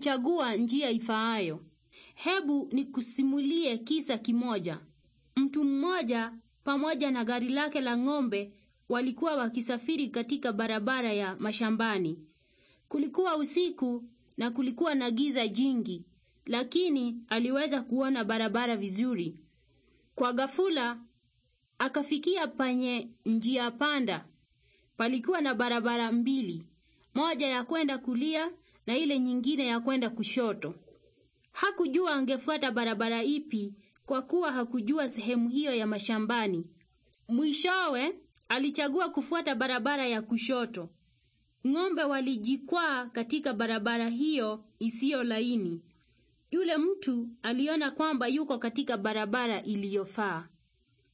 kuchagua njia ifaayo. Hebu nikusimulie kisa kimoja. Mtu mmoja pamoja na gari lake la ng'ombe walikuwa wakisafiri katika barabara ya mashambani. Kulikuwa usiku na kulikuwa na giza jingi, lakini aliweza kuona barabara vizuri. Kwa ghafula akafikia penye njia panda. Palikuwa na barabara mbili, moja ya kwenda kulia na ile nyingine ya kwenda kushoto. Hakujua angefuata barabara ipi kwa kuwa hakujua sehemu hiyo ya mashambani. Mwishowe alichagua kufuata barabara ya kushoto. Ng'ombe walijikwaa katika barabara hiyo isiyo laini. Yule mtu aliona kwamba yuko katika barabara iliyofaa.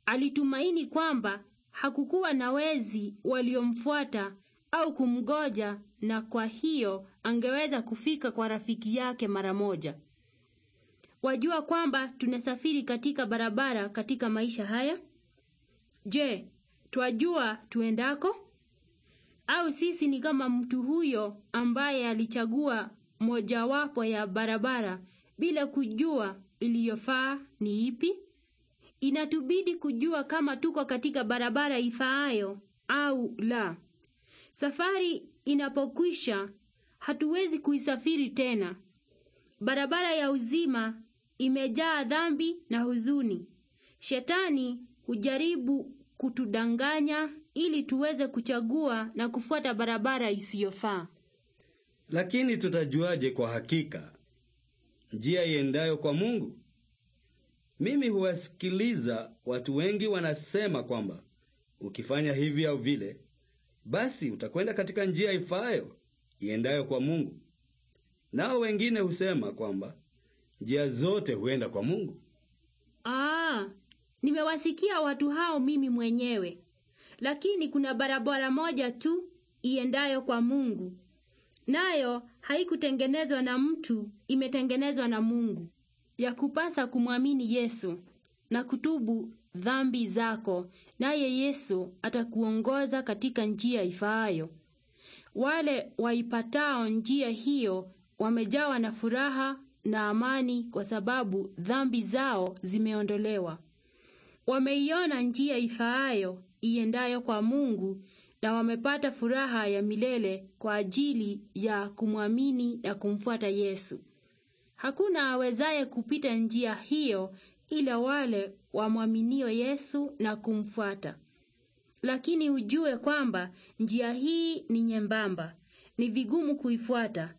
Alitumaini kwamba hakukuwa na wezi waliomfuata au kumgoja na kwa hiyo angeweza kufika kwa rafiki yake mara moja. Wajua kwamba tunasafiri katika barabara katika maisha haya? Je, twajua tuendako? Au sisi ni kama mtu huyo ambaye alichagua mojawapo ya barabara bila kujua iliyofaa ni ipi? Inatubidi kujua kama tuko katika barabara ifaayo au la. Safari inapokwisha hatuwezi kuisafiri tena. Barabara ya uzima imejaa dhambi na huzuni. Shetani hujaribu kutudanganya ili tuweze kuchagua na kufuata barabara isiyofaa. Lakini tutajuaje kwa hakika njia iendayo kwa Mungu? Mimi huwasikiliza watu wengi wanasema kwamba ukifanya hivi au vile basi utakwenda katika njia ifayo iendayo kwa Mungu. Nao wengine husema kwamba njia zote huenda kwa Mungu. Aa, nimewasikia watu hao mimi mwenyewe, lakini kuna barabara moja tu iendayo kwa Mungu, nayo haikutengenezwa na mtu, imetengenezwa na Mungu, Yakupasa kumwamini Yesu na kutubu dhambi zako, naye Yesu atakuongoza katika njia ifaayo. Wale waipatao njia hiyo wamejawa na furaha na amani, kwa sababu dhambi zao zimeondolewa. Wameiona njia ifaayo iendayo kwa Mungu, na wamepata furaha ya milele kwa ajili ya kumwamini na kumfuata Yesu. Hakuna awezaye kupita njia hiyo ila wale wamwaminio Yesu na kumfuata. Lakini ujue kwamba njia hii ni nyembamba, ni vigumu kuifuata.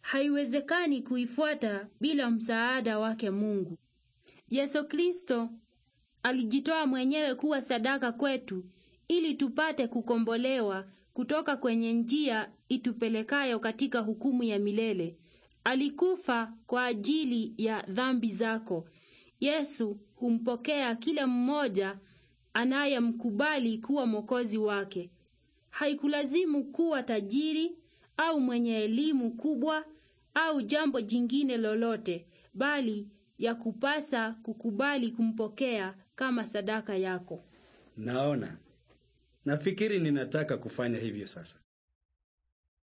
Haiwezekani kuifuata bila msaada wake Mungu. Yesu Kristo alijitoa mwenyewe kuwa sadaka kwetu ili tupate kukombolewa kutoka kwenye njia itupelekayo katika hukumu ya milele. Alikufa kwa ajili ya dhambi zako Yesu humpokea kila mmoja anayemkubali kuwa mwokozi wake. Haikulazimu kuwa tajiri au mwenye elimu kubwa au jambo jingine lolote, bali ya kupasa kukubali kumpokea kama sadaka yako. Naona, nafikiri ninataka kufanya hivyo sasa.